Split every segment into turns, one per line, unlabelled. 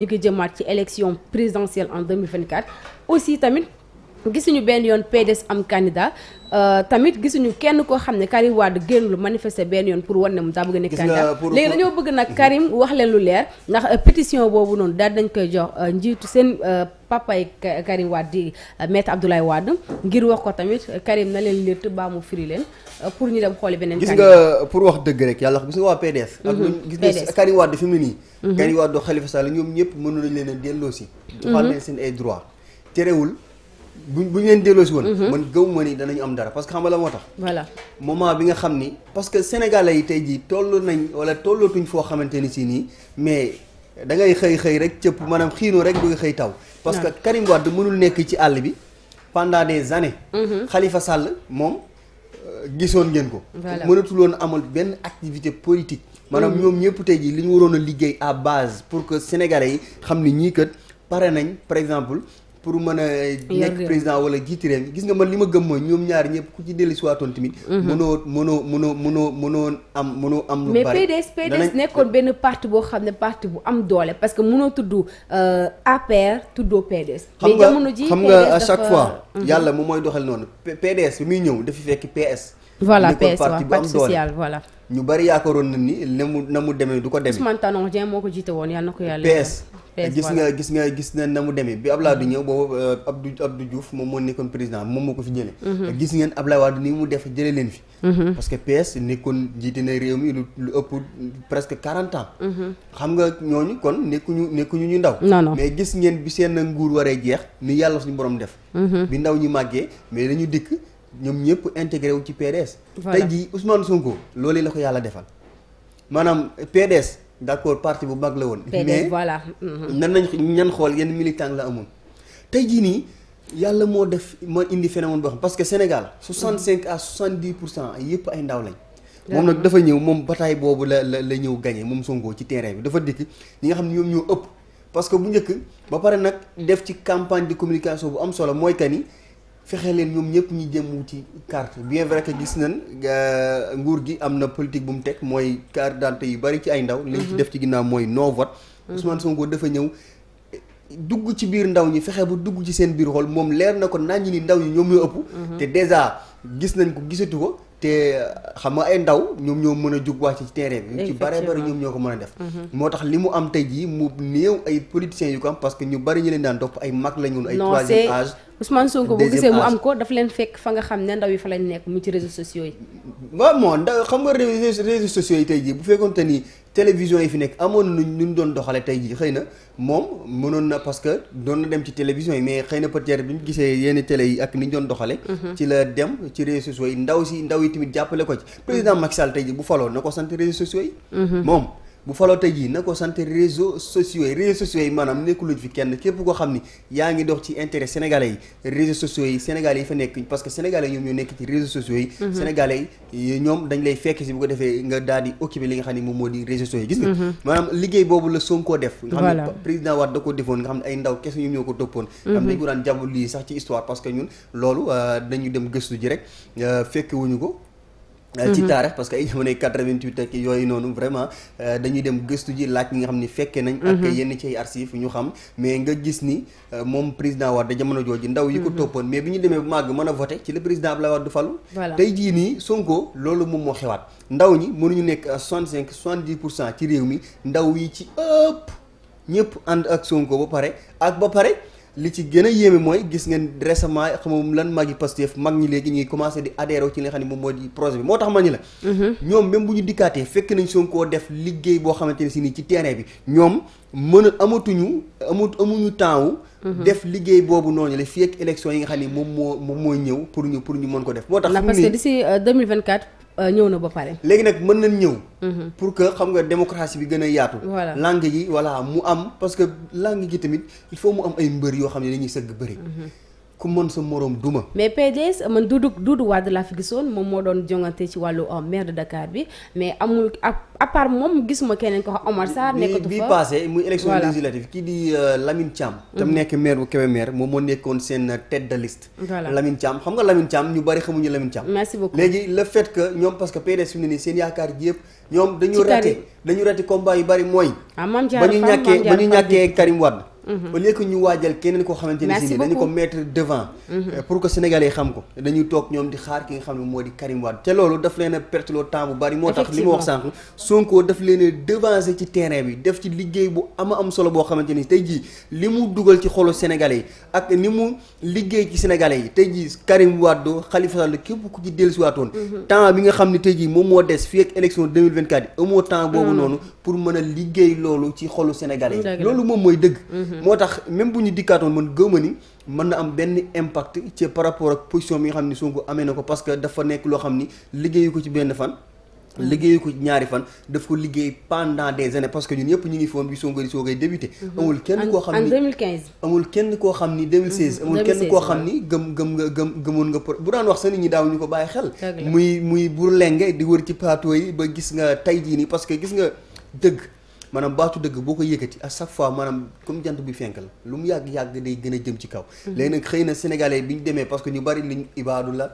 ñu ngi jëmaat ci élection présidentielle en 2024 aussi tamit gisuñu benn yoon PDS am candidat euh, tamit gisuñu kenn koo xam ne Karim Wade génn lu manifester benn yoon pour wan ne mu daa bëgg a dañoo bëgg nag mhm. Karim wax leen lu leer ndax euh, pétition boobu noonu daal dañ koy jox euh, njiitu seen papa yi Karim Wade di maître Abdoulaye Wade ngir wax ko tamit Karim na leen létt baa mu firi leen pour ñu dem xooli beneen gis nga
pour wax dëgg rek yàlla gis nga waa PDS ak mhm. gis nga Karim Wade fi mu nii mhm. Karim Wade Khalifa Sall ñoom ñëpp mënu nañ leen a delloo si joxaat leen seen ay droit terewul bu bu ñu leen si woon. Mhm. man gëw ma ni danañu am dara parce que xam nga la moo tax. voilà bi nga xam ni. parce que sénégalais yi tey jii toll nañ wala tollatuñ foo xamante ni si nii mais da ngay xëy xëy rek cëpp maanaam xiinoo rek du nga xëy taw. parce que Karim Wade mënul nekk ci àll bi pendant des années. xalifa mhm. Sall moom euh, gisoon ngeen ko. mënatuloon amul benn activité politique. maanaam mhm. ñoom ñëpp tey jii li ñu waroon a liggéey à base pour que sénégalais yi xam ni ñii kat pare nañ par exemple. pour mën a nekk président wala jiiti réew mi gis nga man li ma gëm ñoom ñaar ñëpp ku ci dellu si waatoon tamit mhm. mënoo mënoo mënoo mënoo mënoo am mënoo am lu bari PDS PDS
nekkoon benn parti boo xam ne parti bu am doole parce que mënoo tudd euh, APR tuddoo PDS mais jamono xam nga à chaque fois mhm. yàlla
moom mooy doxal noonu PDS bi muy ñëw dafa fekk PS voilà PS waaw parti social voilà. ñu bari yaakaaroon na ni na mu na mu demee du ko demee. Ousmane
Tanor Dieng ko jiite woon yàlla euh,
mhm. mhm. parce que PS nekkoon jiite na réew mi lu ëpp presque quarante ans. Mhm. xam nga ñooñu kon nekkuñu nekkuñu ñu ndaw. mais gis ngeen bi seen nguur waree jeex ni yàlla suñu borom def. bi ndaw ñi màggee mais dañu dikk. ñoom ñëpp intégré wu ci PDS. voilà ji jii Ousmane Sonko loolee la ko yàlla defal maanaam PDS d'accord parti bu mag la woon. mais voilà. Mhm. nan nañ ñan xool yenn militant la amoon tey jii nii yàlla moo def moo indi phénomène boo xam parce que Sénégal 65 à 70 pour cent yëpp ay ndaw lañ. moom nag dafa ñëw moom bataille boobu la la la ñëw gagné moom Sonko ci terrain bi dafa dikk ñi nga xam ne ñoom ñoo ëpp parce que bu njëkk ba pare nag def ci campagne de communication bu am solo mooy que ni. fexe leen ñoom ñëpp ñu jëm wuti carte bien vrai que gis nañ euh, nguur gi am na politique bu mu teg mooy carte d'identité yu bari ci ay ndaw. liñ ci mhm. def ci ginnaaw mooy non vote. Mhm. Ousmane Sonko dafa ñëw dugg ci biir ndaw ñi fexe ba dugg ci seen biir xol moom leer na ko nañu ni ndaw ñi ñoom ñoo ëpp. Mhm. te déjà gis nañ ko gisatu ko. te euh, xam nga ay ndaw ñoom ñoo mën a jug wàcc ci terrain bi. ci bare bare ñoom ñoo ko mën a def. moo tax li mu am tey jii mu néew ay politiciens yu ko am que ñu bari ñu leen daan topp ay mag la
Ousmane Sonko boo gisee mu am ko daf leen fekk fa nga xam ne ndaw yi fa lañ nekk mu ci réseaux sociaux yi.
waaw moo ndaw xam nga réseaux sociaux yi tey jii bu fekkoon te yi fi nekk amoon na nu doon doxalee tey jii xëy na moom mënoon na parce que doon na dem ci télévision yi mais xëy na peut-être bi ñu gisee yenn télé yi ak ni doon doxalee. Mhm. ci la dem ci réseaux sociaux yi ndaw si ndaw yi tamit jàppale ko ci. président Macky Sall tey jii bu faloon na ko sant réseaux sociaux yi. Mhm. moom. bu faloo tey jii na ko sant réseaux sociaux yi réseaux sociaux yi maanaam nekkuluñ fi kenn képp koo xam ni yaa ngi dox ci intérêt sénégalais yi réseaux sociaux yi sénégalais yi ñoom ñoo mhm. lay fekk si bu defee nga daal di occupé li nga xam ne moom moo di réseaux sociaux yi gis nga mhm. maanaam liggéey boobu la Sonko def nga xam ne président Wade da ko defoon nga xam ne ay ndaw kese ñoom ñoo ko toppoon nga mhm. xam ne dañ ko lii sax ci histoire parce Euh, ci mhm. taarix parce que ay jamonoy 88 ak yooyu noonu vraiment euh, dañuy dem gestu ji laaj ñi nga xam ni fekkee nañ ak mhm. yenn ci ay archives ñu xam mais nga gis ni euh, moom président Wade jamono jooju ndaw yi ko mhm. toppoon mais bi ñu demee bu màgg mën a voté ci la président Abdoulaye Wade falu tey jii nii Sonko loolu moom moo xewaat ndaw ñi mënuñu nekk 65 70 pour cent ci réew mi ndaw yi ci ëpp ñëpp ànd ak Sonko ba pare ak ba pare li ci gën a yéeme mooy gis nga ngeen récemment xam lan mag yi Pastef mag ñi léegi ñuy ngi commencé di adhéré ci li nga xam ne moom moo di projet bi moo tax ma ni la. Mhm. ñoom même bu ñu dikkaatee fekk nañ koo def liggéey boo xamante ne si nii ci terrain bi ñoom mën a amatuñu amut amuñu temps wu. Mhm. def liggéey boobu noonu la fii ak élection yi nga xam ne moom moo moom mooy ñëw pour ñu pour ñu mën ko def. moo tax parce que d'ici
euh, Euh, ñëw na ba pare.
léegi nag mën nañ ñëw. Mhm. pour que xam nga démocratie bi gën a yaatu. voilà langue yi voilà mu am parce que langue gi tamit il faut mu am ay mbër yoo xam ne dañuy sëgg bëri. Mhm. ku mën sa morom duma.
mais PDS man Doudou Doudou Wade laa fi gisoon moom moo doon jongante ci wàllu euh, maire de Dakar bi mais amul à part moom gisuma keneen ko Omar Sarr. nekkatu fa bii
kii di euh, Lamine Thiam. Mhm. tam nekk maire bu moom moo nekkoon seen tête de liste. voilà Lamine Thiam xam nga Lamine Thiam ñu bari xamuñu Lamine Thiam. merci beaucoup léegi le fait que ñoom parce que PDS fi mu ne nii seen yaakaar ji ñoom dañu raté dañu yu bari mooy. Ah, ba ñu ñàkkee ba ñu ñàkkee Karim Wade. Mm-hmm. au lieu que ñu waajal keneen ko xamante ne si dañu ko mettre devant mm-hmm. euh, pour que sénégalais xam ko dañuy toog ñoom di xaar ki nga xam ne moo di Karim Wade te loolu daf leen a perte loo temps bu bari moo tax li ma wax sànq Sonko daf leen a devancer ci terrain bi def ci liggéey bu ama am solo boo xamante ni tey jii li mu dugal ci xolu sénégalais ak ni mu liggéey ci sénégalais yi tey jii Karim Wade Khalifa Sall képp ku ci dellusiwaatoon mm-hmm. temps bi nga xam ni tey jii moom moo des fii ak élection 2024 yi amoo temps boobu noonu pour mën a liggéey loolu ci xolu sénégalais yi loolu moom mooy dëgg Mhm. moo tax même bu ñu dikkaatoon man gëwma ni mën na am benn impact ci par rapport ak position bi nga xam ni Sonko amee na ko parce que dafa nekk loo xam ni liggéeyu ko ci fan. Mhm. liggéeyu ñaari fan daf liggéey pendant des années parce que ñun ñëpp ñu ngi foon bi Sonko di soogay mhm. amul kenn koo xam ni amul kenn koo xam ni 2016. amul kenn koo xam ni gëm gëm nga gëm gëmoon nga bu daan wax sa nit ñi daawuñu ko bàyyi xel. muy muy bur lenge di wër ci plateau yi ba gis nga tey jii nii parce que gis nga dëgg. maanaam baatu dëgg boo ko yëkkati à chaque fois maanaam comme jant bi fenk la lu mu yàgg-yàgg day gën a jëm ci kaw mhm. léegi nag xëy na sénégalais bi ñu demee parce que ñu bari liñ ibaadu la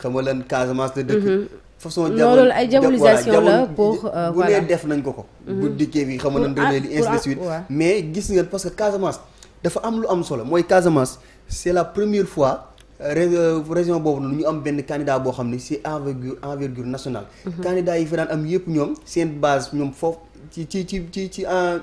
xam nga lan Casamance la dëkk mhm. façon loolu ay diabolisation la pour euh, bu nee def nañ ko ko mhm. bu dikkee bi xam nga nan donné li ainsi de ah, suite mais gis nga parce que Casamance dafa am lu am solo mooy Casamance c'est la première fois Euh, région boobu noonu ñu am benn candidat boo xam ne c'est envergure envergure nationale. Mhm. candidat yi fi daan am yëpp ñoom seen base ñoom foofu ci ci ci ci ci en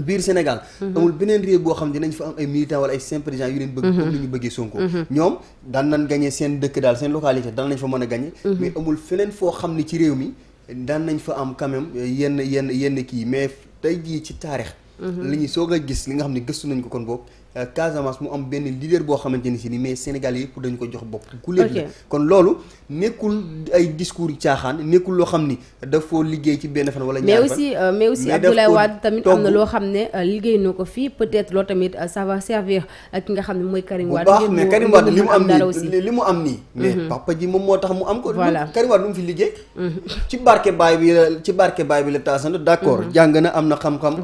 biir Sénégal. Mhm. amul beneen réew boo xam ne dinañ fa am ay militants wala ay sympathisants yu leen bëgg. comme mhm. ni ñu bëggee Sonko. ñoom daan nañ gagné seen dëkk daal seen localité daan nañ fa mën a gagné. mais amul feneen foo xam ne ci réew mi daan nañ fa am quand même yenn yenn yenn kii mais tey jii ci taarix. li soog a gis li nga xam ne gëstu nañ ko kon boobu. Euh, Casamance mu am benn leader boo xamante ni si ni mais Sénégal yëpp dañu ko jox bopp ku léegi kon loolu nekkul ay discours caaxaan nekkul loo xam ni dafoo liggéey ci benn fan wala ñaar fan euh, mais aussi mais aussi na loo xam
ne euh, liggéey na ko fii peut-être loolu tamit ça va servir ki nga xam ne mooy Karim bu baax mais Karim li mu am nii
li mu am nii mais mhm. papa ji moom moo tax mu am ko Karim lu mu fi liggéey mhm. ci barke baay bi la ci barke baay bi la taasant d'accord mhm. jàng na am na xam-xam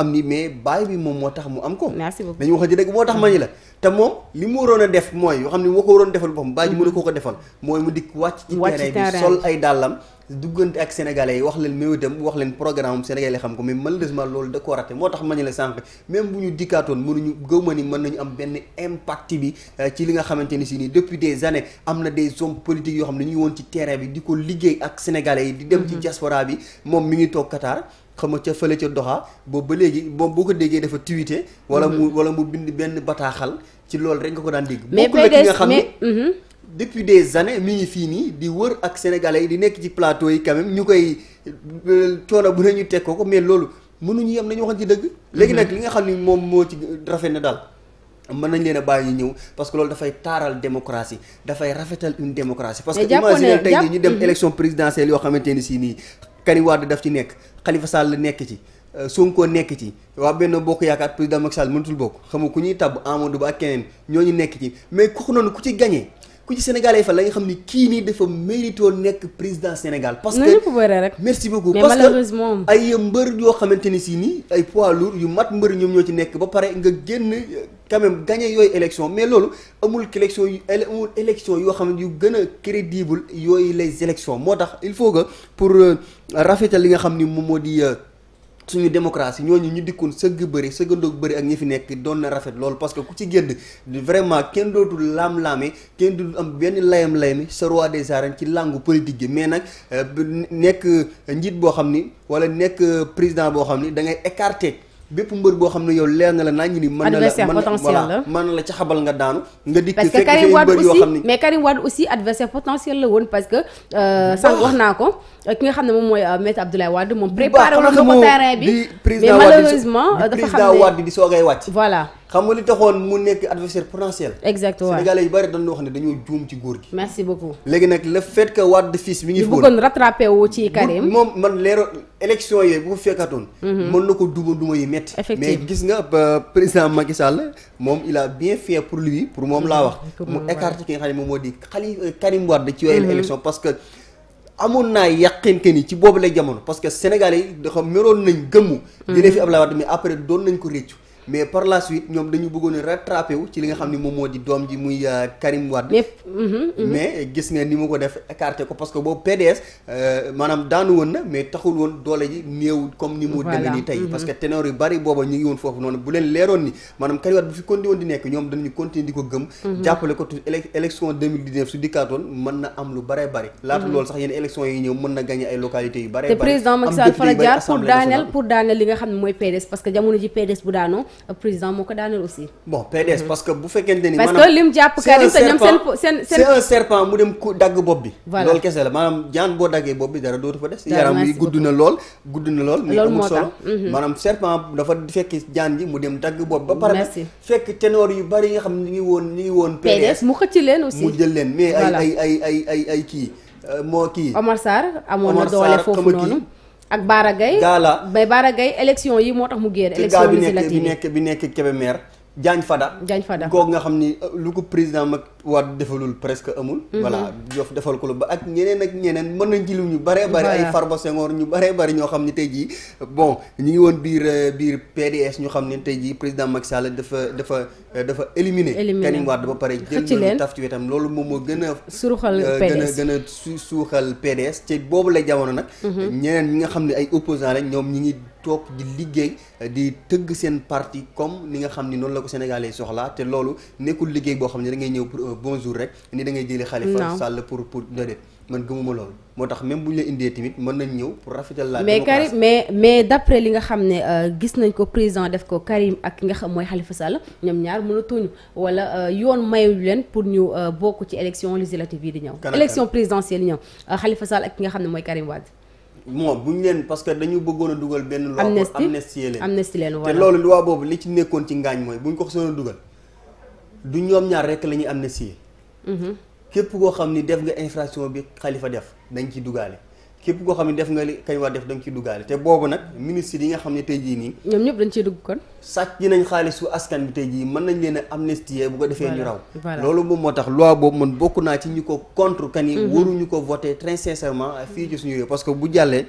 am am ni mais baay bi moom moo tax mu am ko. merci beaucoup dañu wax ji dëgg moo tax ma ni la. te moom li mu waroon a def mooy yoo xam ne moo ko waroon defal boppam baay ji mënu ko ko defal mooy mu dikk wàcc. ci terrain bi sol wax leen méwétam wax leen programme sénégalais xam ko mais malheureusement loolu da ko raté moo tax ma ne la sànq même bu ñu dikkaatoon mënuñu gëw mën nañu am benn impact bi euh, ci li nga xamante ni si nii depuis des années am na des hommes politiques yoo xam ne ñu woon ci terrain bi di ko liggéey ak sénégalais yi di dem ci mm-hmm. diaspora bi moom mi ngi toog Qatar xam nga ca fële ca doxa boobu ba léegi moom boo ko déggee dafa tiwite wala mu mhm. wala mu bind benn bataaxal ci loolu rek nga ko daan dégg bokk la ki nga xam ne mhm. depuis des années mi ngi fii nii di wër ak sénégalais yi di nekk ci plateau yi quand même ñu koy euh, coono bu ne ñu teg ko ko mais loolu mënuñu yem nañu waxoon ci dëgg mhm. léegi nag li nga xam ni moom moo ci rafet na daal mën nañ leen a bàyyi ñu ñëw parce que loolu dafay taaral démocratie dafay rafetal une démocratie parce que imagine tey ñu dem élection présidentielle yoo xamante ni si nii Karim Wade daf ci nekk Khalifa Sall nekk ci euh, Sonko nekk ci waa benn bokk yaakaar président Macky Sall mënatul bokk xam nga ku ñuy tabb Amadou Ba ak keneen ñooñu nekk ci mais ku noonu ku ci gagné. ku ci sénégalais fa la nga xam ni kii nii dafa mérito nekk président Sénégal. parce
que rek.
merci beaucoup mais parce que ay mbër yoo xamante ni si nii ay pois lourds yu mat mbër ñoom ñoo ci nekk ba pare nga génn quand même yooyu élection mais loolu amul élection yu amul élection yoo xam ne yu gën a crédible yooyu les élections moo tax il faut que pour euh, rafetal li nga xam ni moom moo di. Euh, suñu démocratie ñooñu ñu dikkoon sëgg bëri sëggandoog bëri ak ñi fi nekk doon na rafet loolu parce que ku ci gédd vraiment kenn dootul laam-laame kenn du am benn layam-layami sa roi des arènes ci làngu politique gi mais nag euh, nekk njiit boo xam ni wala nekk président boo xam ni da ngay écarté bépp mbër boo xam ne yow leer na la naa ñu ni mën na la mën na la ci xabal nga daanu nga dikk fekk Karim Wade aussi
mais Karim Wade aussi adversaire potentiel la woon parce que euh, sànq ah. wax naa ko euh, ki nga xam ne moom mooy euh, maître Abdoulaye Wade moom préparé woon na ko terrain bi mais malheureusement dafa xam ne
président wàcc voilà xam nga li taxoon mu nekk adversaire potentiel. exactement sénégalais yu bari dañu wax ne dañoo juum ci góor gi. léegi nag le fait que Wade mi ngi. fi woon bëggoon
rattrapé wu ci Karim.
moom ko fekkatoon. Mhm. mën na gis nga euh, président Macky Sall moom il a bien fait pour lui pour moom laa wax. Mhm. mu écarté ki nga xam ne moom moo di xali euh, Karim Wade ci yooyu mhm. élection parce que. amoon naa yàqin que ni ci boobu lay jamono parce que sénégalais yi dafa meroon nañ gëmmu. di ne fi Abdoulaye mais après doon nañ ko réccu. mais par la suite ñoom dañu bëggoon a rattrapé wu ci li nga xam ni moom moo di doom ji muy euh, Karim mm-hmm,
mm-hmm. mais
gis nga ni mu ko def écarté ko parce que boo PDS euh, maanaam daanu woon na mais taxul woon doole ji néew comme ni mu demee nii tey mm-hmm. parce que ténor yu bari booba ñu ngi woon foofu noonu bu leen leeroon ni maanaam Karim Wade bu fi continué woon di nekk ñoom danañu continué di ko gëm jàppale ko tu élection 2019 su dikkaatoon mën na am lu bare bari
Euh, président moo ko daaneel aussi.
bon PDS parce que bu fekkente ni. maanaam parce que lim jàpp Karim te ñoom seen seen c'est un serpent mu dem ku dagg bopp bi. voilà loolu kese la maanaam jaan boo daggee bopp bi dara dootu fa des. yaram yi gudd na lool gudd na lool. muy amul solo mhm. maanaam serpent dafa fekk jaan ji mu dem dagg bopp. ba pare fekk ténor yu bari yi nga xam ne ñu ngi woon ñu ngi woon. PDS mu
xëcc leen aussi mu
jël leen mais ay ay ay ay ay kii euh, moo kii. Omar
Sarr amoon na doole foofu noonu ak Baara Gaye gaala ba Baara Gaye élection yi moo tax mu génn. élection législative bi nekk
bi nekk Kébémer Diagne Fada. Diagne Fada kooku nga xam ni euh, lu ko président mag Wade defalul presque amul. Mhm. voilà Diouf defal ko lu ba ak ñeneen ak ñeneen mën nañ ci lu ñu baree bari ay Farba Senghor ñu baree bari ñoo xam ni tey jii bon ñu ngi woon biir euh, biir PDS ñu xam ne tey jii président Macky Sall dafa dafa. Euh, dafa éliminer Karim Wade ba pare jël loolu taf ci wetam loolu moom moo gën a suuxal euh, gën a gën a su suuxal PDS ci boobu la jamono nag mhm. ñeneen ñi nga xam ne ay opposants lañ ñoom ñi ngi toog di liggéey euh, di tëgg seen parti comme ni nga xam ni noonu la ko sénégalais soxlaa te loolu nekkul liggéey boo xam ne da ngay ñëw pour un jour rek ni da ngay jëli Khalifa Sall pour pour déedéet man gëmuma loolu moo tax même bu ñu la indee tamit mën nañ ñëw pour rafetal la mais Karim
mais mais li nga xam ne euh, gis nañ ko président def ko Karim ak ki nga xam mooy Khalifa Sall ñoom ñaar mënatuñu wala euh, yoon mayu leen pour ñu euh, bokk ci élection législative yi di ñëw élection présidentielle yi ñëw Khalifa Sall ak ki ne mooy Karim Wade
moom bu ñu leen parce que dañu bëggoon a dugal benn loi pour amnistie leen amnistie leen voilà te loolu loi boobu li ci nekkoon ci ngaañ mooy bu ñu ko xasoon a dugal du ñoom ñaar rek la ñuy amnistie mm-hmm. képp koo xam ni def nga infraction bi xalifa def da nga ciy dugaale képp koo xam ne def nga li kañ war def da nga ciy te boobu nag ministre yi nga xam ne tey jii nii. ñoom ñëpp dañ ciy dugg kon. sàcc nañ xaalisu askan bi tey jii mën nañ leen a amnistier bu ko defee ñu raw. loolu moom moo tax loi boobu man bokk naa ci ñu ko contre kan mhm. waruñu ko voter très sincèrement fii ci suñu parce que bu jàllee.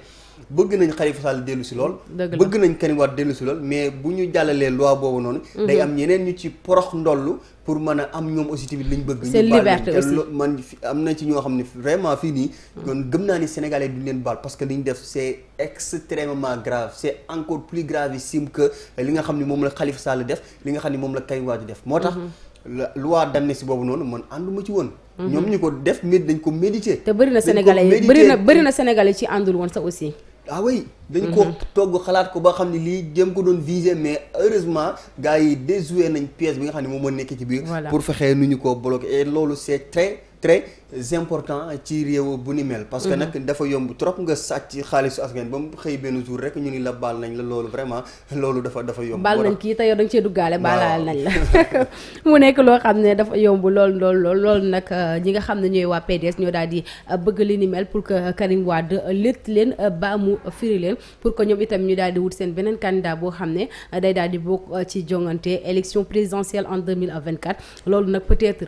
bëgg nañ Khalifa Sall dellu si lool bëgg nañ Karim Wade dellu si lool mais bu ñu jàllalee loi boobu noonu mhm. am ñeneen ñu ci porox ndollu pour mën am ñoom aussi tamit liñ bëgg seen liberté aussi man am na ci ñoo xam ne vraiment fii nii ñoon mhm. gëm naa ni sénégalais duñ leen baal parce que li ñu def c'est extrêmement grave c'est encore plus gravissime que li nga xam ni moom la Khalifa Sall def li nga xam ne moom la Karim Wade def moo tax mhm. loi d'amnistie boobu noonu man ànduma ci woon ñoom ñu ko def mét dañ ko méditer te bëri na sénégalais bëri na bëri
na sénégalais ci àndul woon sa aussi
ah oui dañ ko mhm. togg xalaat ko ba xam ne lii jëm ko doon viser mais heureusement gars yi déjoué nañ pièce bi nga xam ne moom moo nekk ci biir pour fexee nu ñu ko bloqué et loolu c'est très très important ci réew bu ni mel. parce que mhm. nag dafa yomb trop nga sàcc xaalisu askan ba mu xëy benn jour rek ñu ni la baal nañ la loolu vraiment loolu dafa dafa yomb. baal nañ
kii te yow da nga cee duggaale baalaal nañ la. mu nekk loo xam ne dafa yomb lool lool lool loolu nag euh, ñi nga xam ne ñooy waa PDS ñoo daal di euh, bëgg li ni pour que euh, Karim Wade létt leen ba mu firi pour que ñoom itam ñu daal di wut seen beneen candidat boo xam ne day daal di bokk ci jongante élection présidentielle en 2024 loolu nag peut-être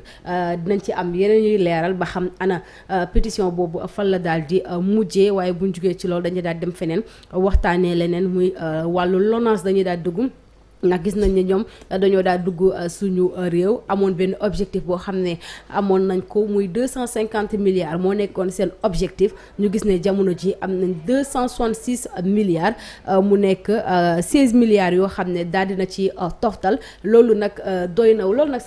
dinañ ci am yeneen ñuy leeral ba. xam ana euh, pétition boobu fan la daal di euh, mujjee waaye buñ jugee ci loolu dañuy daal dem feneen waxtaanee leneen muy euh, wàllu LONASE dañuy daal dugg ndax gis nañ ne ñoom dañoo daal dugg suñu réew amoon benn objectif boo xam ne amoon nañ ko muy deux cent cinquante milliards moo nekkoon seen objectif ñu gis ne jamono ji am nañ deux cent soixante six milliards mu nekk seize milliards yoo xam ne daal na ci toftal loolu nag doy naw loolu nag.